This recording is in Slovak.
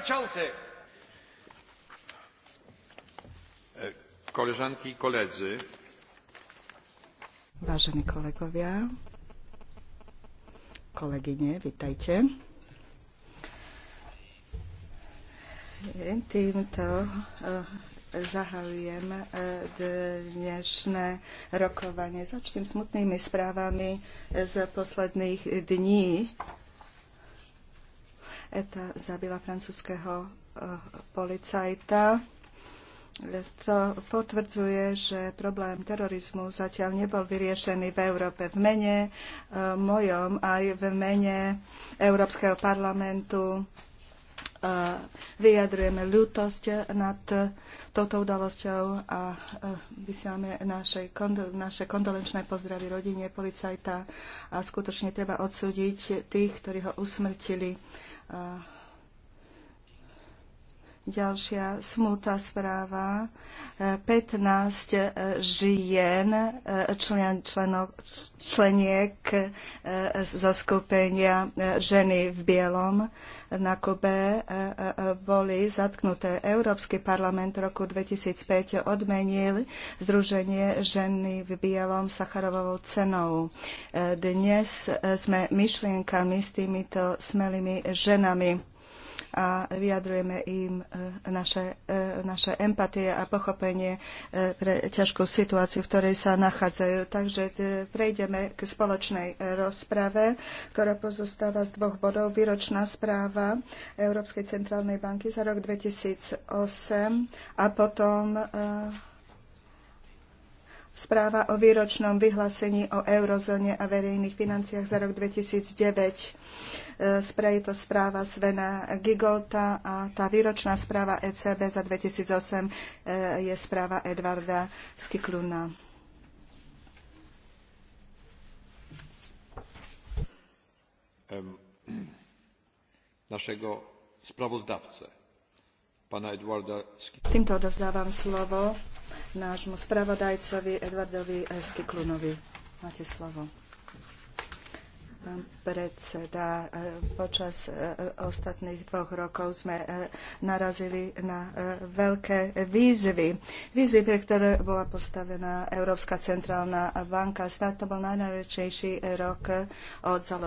przewodniczący! E, koleżanki i koledzy. Vážení kolegovia, kolegyne, vitajte. Týmto e, zahajujem e, dnešné rokovanie. Začnem smutnými správami z posledných dní. ETA zabila francúzského eh, policajta. To potvrdzuje, že problém terorizmu zatiaľ nebol vyriešený v Európe v mene eh, mojom aj v mene Európskeho parlamentu. Eh, vyjadrujeme ľútosť nad touto udalosťou a vysielame naše, kondo, naše kondolenčné pozdravy rodine policajta a skutočne treba odsúdiť tých, ktorí ho usmrtili. A Ďalšia smutná správa. 15 eh, žien, eh, člen, členok, členiek eh, zo skupenia Ženy v bielom na Kube boli zatknuté. Európsky parlament roku 2005 odmenil Združenie Ženy v bielom Sacharovou cenou. Dnes sme myšlienkami s týmito smelými ženami a vyjadrujeme im e, naše, e, naše empatie a pochopenie e, pre ťažkú situáciu, v ktorej sa nachádzajú. Takže prejdeme k spoločnej rozprave, ktorá pozostáva z dvoch bodov. Výročná správa Európskej centrálnej banky za rok 2008 a potom správa o výročnom vyhlásení o eurozóne a verejných financiách za rok 2009. E, je to správa Svena Gigolta a tá výročná správa ECB za 2008 e, je správa Edvarda Skikluna. Našego sprawozdawcę Týmto odovzdávam slovo nášmu spravodajcovi Edvardovi eh, Skiklunovi. Máte slovo. Pán predseda, eh, počas eh, ostatných dvoch rokov sme narazili na veľké výzvy. Výzvy, pre ktoré bola postavená Európska centrálna banka. Snad to bol najnáročnejší rok od založenia